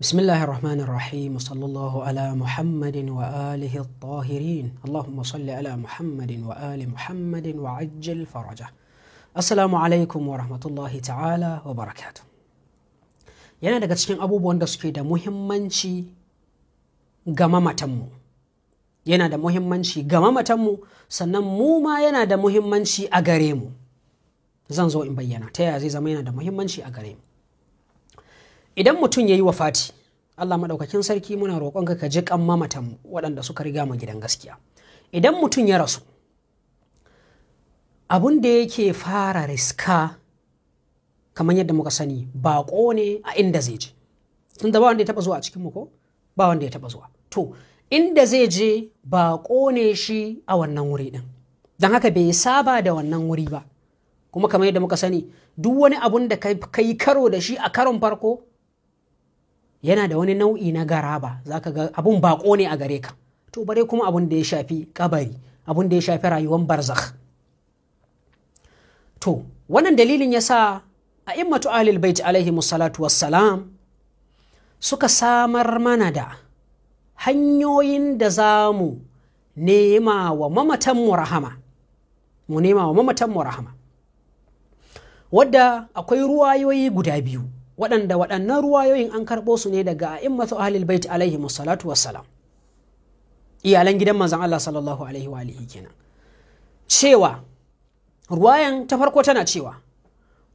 بسم الله الرحمن الرحيم وصلى الله على محمد وآله الطاهرين اللهم صل على محمد وآل محمد وعجل فرجه السلام عليكم ورحمة الله تعالى وبركاته yana daga cikin abubuwan da suke da muhimmanci ga mamatanmu yana da muhimmanci ga mamatanmu sannan mu ma yana da muhimmanci a gare mu zan zo in bayyana ta yaya zai zama yana da muhimmanci a gare mu idan mutum ya yi wa fati Allah maɗaukakin sarki muna roƙon ka ji kan mamatan waɗanda suka riga mu gidan gaskiya idan mutum ya rasu abun da yake fara riska kamar yadda muka sani baƙo ne a inda zai je tunda ba wanda ya taɓa zuwa a cikinmu ko ba wanda ya taɓa zuwa to inda zai je baƙo ne shi a wannan wuri ɗin don haka bai saba da wannan wuri ba kuma kamar yadda muka sani duk wani abun da kai karo da shi a karon farko yana da wani nau'i na garaba ka ga abun bako ne a gare ka to bare kuma abun da ya shafi kabari abun da ya shafi rayuwar barzakh to wannan dalilin yasa a immatu ahlul bait alaihi musallatu wassalam suka samar mana da hanyoyin da za mu nema wa mamatanmu rahama mu nema wa mamatanmu rahama wadda akwai ruwayoyi guda biyu waɗanda waɗannan ruwayoyin an karɓo su ne daga a'immatu ahlil bait alaihi musallatu wassalam iyalan gidan manzon Allah sallallahu alaihi wa alihi kenan cewa ruwayan ta farko tana cewa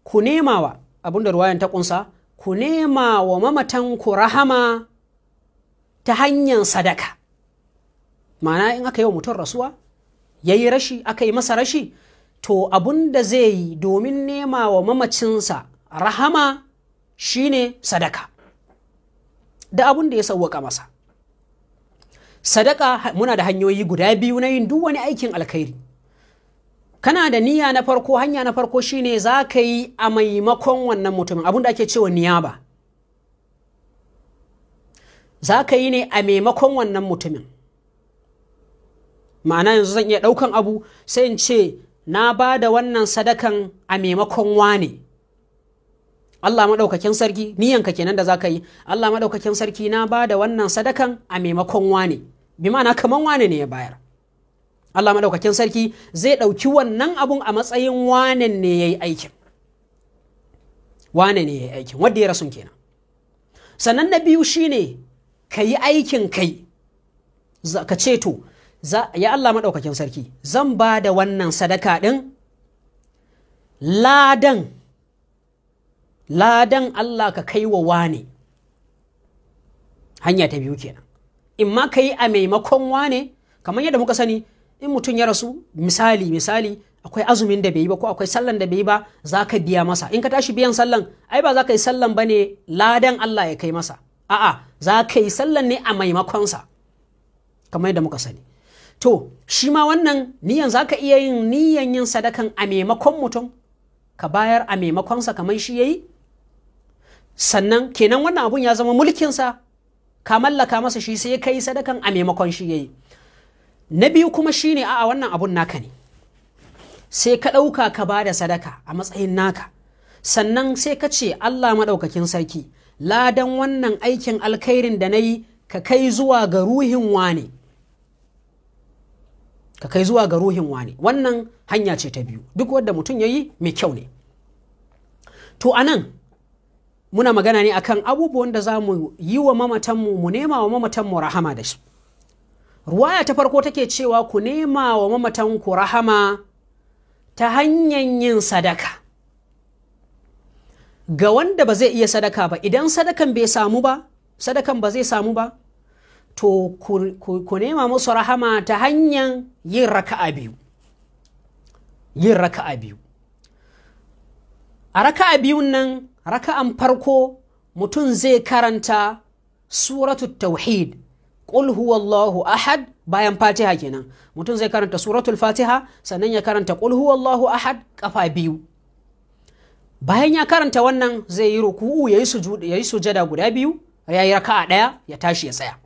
ku nema wa abinda ruwayan ta kunsa ku nemawa wa mamatan ku rahama ta hanyar sadaka ma'ana in aka yi wa mutum rasuwa ya yi rashi aka yi masa rashi to abun da zai yi domin nema wa mamacinsa rahama Shi ne sadaka da abun da ya sauwaka masa sadaka muna da hanyoyi guda biyu na yin duk wani aikin alkhairi kana da niyya na farko hanya na farko shine za ka yi a maimakon wannan mutumin abun da ake cewa niyaba za ka yi ne a maimakon wannan mutumin ma'ana yanzu zan iya ɗaukan abu sai in ce na ba da wannan sadakan a maimakon wane Allah maɗaukakin sarki niyanka kenan da za ka yi Allah maɗaukakin sarki na ba da wannan sadakan a maimakon wane bi ma'ana kamar wane ne ya bayar Allah maɗaukakin sarki zai ɗauki wannan abun a matsayin wane ne ya yi aikin wane ne ya yi aikin wadda ya rasun kenan sannan na biyu shine ka yi aikin kai ka ce to ya Allah maɗaukakin sarki zan ba da wannan sadaka ɗin ladan ladan Allah ka kai wa wane hanya ta biyu kenan in ma ka yi a maimakon wane kamar yadda muka sani in mutum ya rasu misali misali akwai azumin da bai yi ba ko akwai sallan da bai yi ba za ka biya masa in ka tashi biyan sallan ai ba za ka yi sallan ba ne ladan Allah ya kai masa a'a za ka yi sallan ne a maimakonsa kamar yadda muka sani to shi ma wannan niyan za ka iya yin niyan yin sadakan a maimakon mutum ka bayar a maimakonsa kamar shi ya yi sannan kenan wannan abun ya zama mulkinsa ka mallaka masa shi sai ya kai sadakan a maimakon shi yayi na biyu kuma shine a'a wannan abun naka ne sai ka ɗauka ka ba da sadaka a matsayin naka sannan sai ka ce Allah maɗaukakin sarki ladan wannan aikin alkhairin da na yi ka kai zuwa ga ruhin wane ka kai zuwa ga ruhin wane wannan hanya ce ta biyu duk wanda mutum ya yi mai kyau ne to anan muna magana ne akan abubuwan da za mu yi wa mamatanmu mu nema wa mamatanmu rahama da su ruwaya ta farko take cewa ku nema wa mamatanku rahama ta hanyar yin sadaka ga wanda ba zai iya sadaka ba idan sadakan bai samu ba sadakan ba zai samu ba to ku nema musu rahama ta hanyar yin raka'a biyu yin raka'a biyu a raka'a biyun nan raka'an farko mutum zai karanta suratu tauhid qul huwallahu ahad bayan fatiha kenan mutum zai karanta suratul fatiha sannan ya karanta qul huwallahu ahad kafa biyu bayan ya karanta wannan zai yi ruku'u ya yi sujada guda biyu yayi yi raka'a ɗaya ya tashi ya tsaya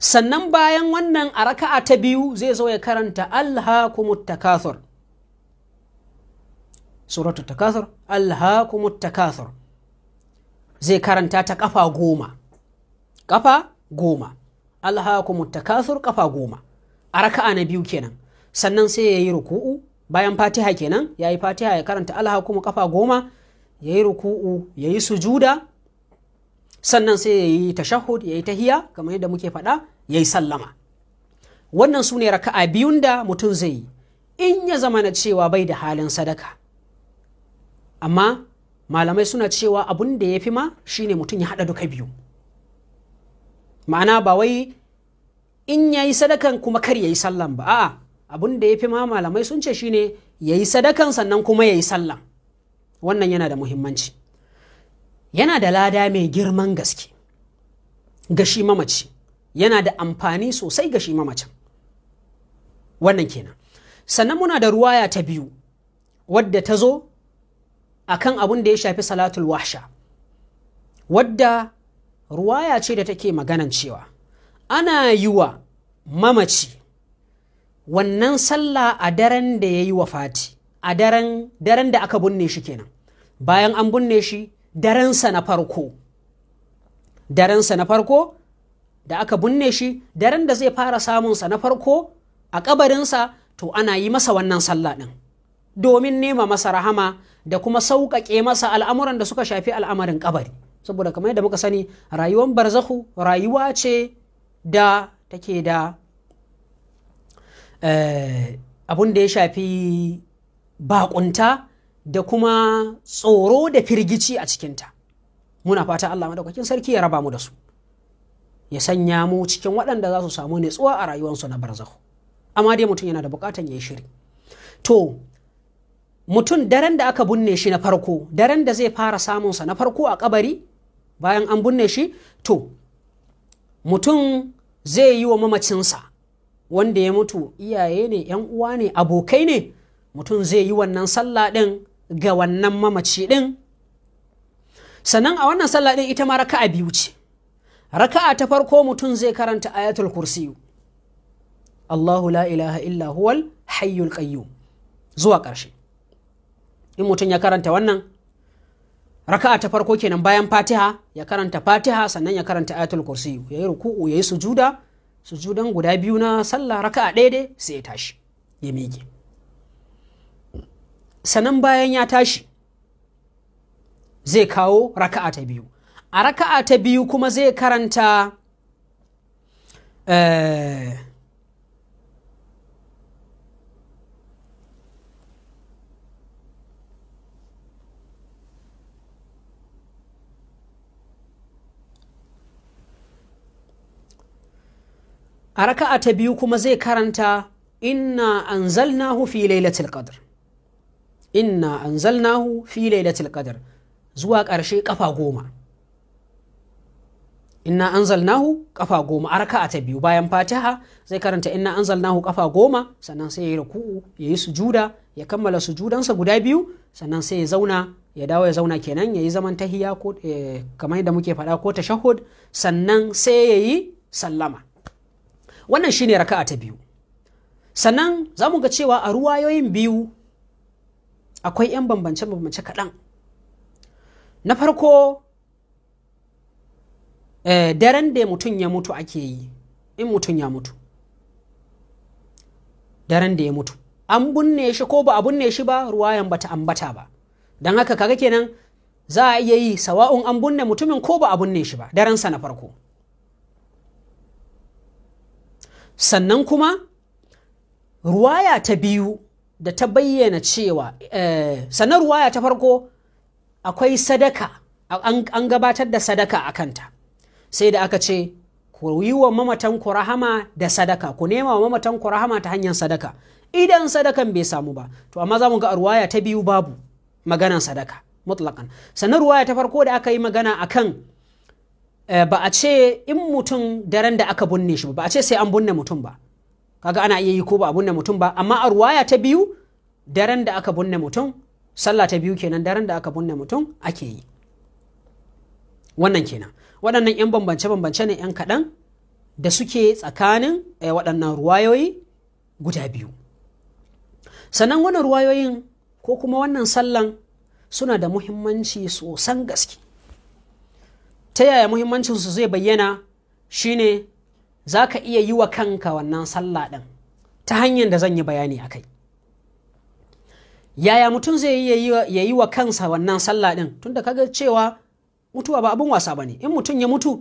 sannan bayan wannan a raka'a ta biyu zai zo ya karanta alhakumut takathur suratul takasur alhaakumut zai karanta ta kafa goma kafa goma kafa goma a raka'a na biyu kenan sannan sai ya yi ruku'u bayan fatiha kenan ya yi fatiha ya karanta alhaakumu kafa goma ya yi ruku'u ya yi sujuda sannan sai ya yi tashahud ya yi tahiya kamar yadda muke faɗa ya yi sallama wannan su ne raka'a biyun da mutum zai yi in ya zama na cewa bai da halin sadaka amma malamai suna cewa abun da ya fi ma shine mutum ya haɗa duka biyu ma'ana ba wai in ya yi sadakan kuma kar ya yi sallan ba a'a abun da ya fi ma malamai sun ce shine ya yi sadakan sannan kuma ya yi sallan wannan yana da muhimmanci yana da lada mai girman gaske ga shi mamaci yana da amfani sosai ga shi mamacin wannan kenan sannan muna da ruwaya ta biyu wadda ta zo akan abun da ya shafi salatul wahsha wadda ruwaya ce da take maganan cewa ana yi wa mamaci wannan sallah a daren da ya yi wa fati a daren daren da aka binne shi kenan bayan an binne shi darensa na farko darensa na farko da aka binne shi daren da zai fara samunsa na farko a kabarinsa to ana yi masa wannan sallah din. domin nema masa rahama da kuma sauƙaƙe masa al'amuran da suka shafi al'amarin kabari saboda kamar yadda muka sani rayuwar barzahu rayuwa ce da take da eh, abun da ya shafi bakunta da kuma tsoro da firgici a cikinta muna fata Allah madaukakin sarki ya raba mu da su ya sanya mu cikin waɗanda za su samu nutsuwa a rayuwarsu na barzahu amma dai mutum yana da bukatan ya yi shiri to mutum daren da aka binne shi na farko daren da zai fara samunsa na farko a kabari bayan an binne shi to mutum zai yi wa mamacinsa wanda ya mutu iyaye ne yan uwa ne abokai ne mutum zai yi wannan sallah ɗin ga wannan mamaci ɗin sannan a wannan sallah ɗin ita ma raka'a biyu ce raka'a ta farko mutum zai karanta ayatul kursi. Allahu la ilaha illa huwal hayyul qayyum zuwa ƙarshe in mutum ya karanta wannan raka'a ta farko kenan bayan fatiha ya karanta fatiha sannan ya karanta ayatul kursi ya yi ruku'u ya yi sujuda sujudan guda biyu na sallah raka'a ɗaya dai sai ya tashi ya miƙe sannan bayan ya tashi zai kawo raka'a ta biyu a raka'a ta biyu kuma zai karanta eh, a raka'a ta biyu kuma zai karanta inna anzalnahu fi lailatul qadr inna anzalnahu fi lailatul qadr zuwa ƙarshe kafa goma inna anzalnahu kafa goma a raka'a ta biyu bayan fatiha zai karanta inna anzalnahu kafa goma sannan sai ya yi ruku'u ya yi sujuda ya kammala sujudansa guda biyu sannan sai ya zauna ya dawo ya zauna kenan ya yi zaman tahiya ko eh, kamar yadda muke faɗa ko tashahud sannan sai ya yi sallama wannan shine raka'a ta biyu sannan za mu ga cewa a ruwayoyin biyu akwai 'yan bambance-bambance kaɗan na farko eh, daren da mutum ya mutu ake yi in mutum ya mutu daren da ya mutu an binne shi ko ba a binne shi ba ruwayan bata ambata ba don haka kaga kenan za a iya yi sawa'un an bunne mutumin ko ba a binne shi ba daren sa na farko sannan kuma ruwaya ta biyu da ta bayyana cewa eh, sannan ruwaya ta farko akwai sadaka an gabatar da sadaka a kanta sai da aka ce ku yi wa mamatan ku rahama da sadaka ku nema wa mamatan ku rahama ta hanyar sadaka idan sadakan bai samu ba to amma za mu ga ruwaya ta biyu babu maganan sadaka mutlaqan sannan ruwaya ta farko da aka yi magana akan Eh, ba a ce in mutum daren da aka binne shi ba a ce sai an binne mutum ba kaga ana iya yi ko ba a binne mutum ba amma a ruwaya ta biyu daren da aka binne mutum sallah ta biyu kenan daren da aka binne mutum ake yi wannan kenan waɗannan 'yan bambance-bambance ne 'yan kaɗan da suke tsakanin eh, waɗannan ruwayoyi guda biyu sannan wannan ruwayoyin ko kuma wannan sallan suna da muhimmanci sosan gaske ta yaya muhimmancinsu zai bayyana shine za ka iya yi wa kanka wannan sallah ɗin ta hanyar da zan yi bayani a kai yaya mutum zai ya yi wa kansa wannan sallah ɗin tun da kaga cewa mutuwa ba abin wasa ba ne in mutum ya mutu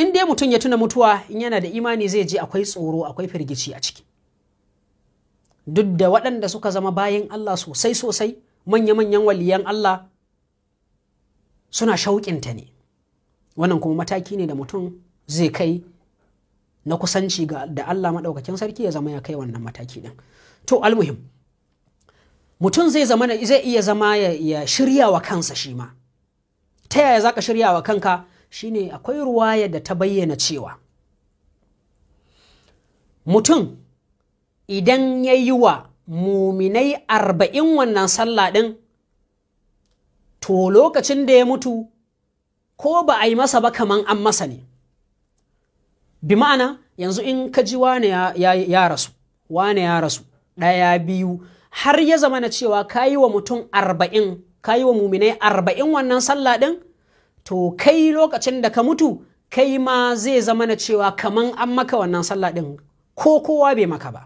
in dai mutum ya tuna mutuwa in yana da imani zai je akwai tsoro akwai firgici a ciki duk da waɗanda suka zama bayan Allah sosai sosai manya-manyan waliyan Allah suna shauƙinta ne wannan kuma mataki ne da mutum zai kai na kusanci ga da Allah maɗaukakin sarki ya zama ya kai wannan mataki ɗin to almuhim mutum zai zama zai iya zama ya, shirya wa kansa shi ma ta yaya za ka shirya wa kanka shine akwai ruwaya da ta bayyana cewa mutum idan ya yi wa muminai arba'in wannan sallah ɗin to lokacin da ya mutu ko ba a yi masa ba kaman an masa ne bi ma'ana yanzu in ka ji wane ya, rasu wane ya rasu ɗaya biyu har ya zama na cewa ka yi wa mutum arba'in ka yi wa muminai arba'in wannan sallah ɗin to kai lokacin da ka mutu kai ma zai zama na cewa kaman an maka wannan sallah ɗin ko kowa bai maka ba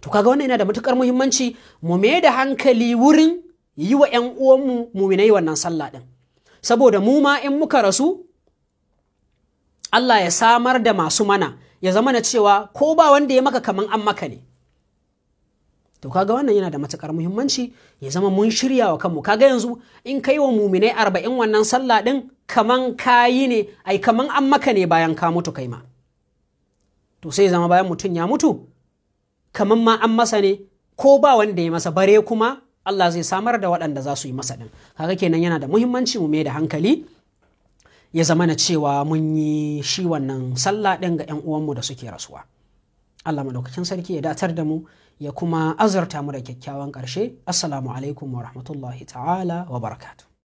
to kaga wannan yana da matukar muhimmanci mu mai da hankali wurin yi wa ‘yan uwanmu muminai wannan sallah ɗin saboda mu ma in muka rasu Allah ya samar da masu mana ya zama na cewa ko ba wanda ya maka kaman an maka ne to kaga wannan yana da matukar muhimmanci ya zama mun shirya wa kanmu kaga yanzu in kai wa muminai arba'in wannan sallah ɗin kaman kayi ne ai kaman an maka ne bayan ka mutu kai ma to sai zama bayan mutum ya mutu kaman ma an masa ne ko ba wanda ya masa bare kuma Allah zai samar da waɗanda za su yi masa ɗin kaga kenan yana da muhimmanci mu mai da hankali ya zama na cewa mun yi shi wannan sallah ɗin ga 'yan uwanmu da suke rasuwa Allah madaukakin sarki ya datar da mu ya kuma azurta mu da kyakkyawan ƙarshe assalamu alaikum wa rahmatullahi ta'ala wa barakatu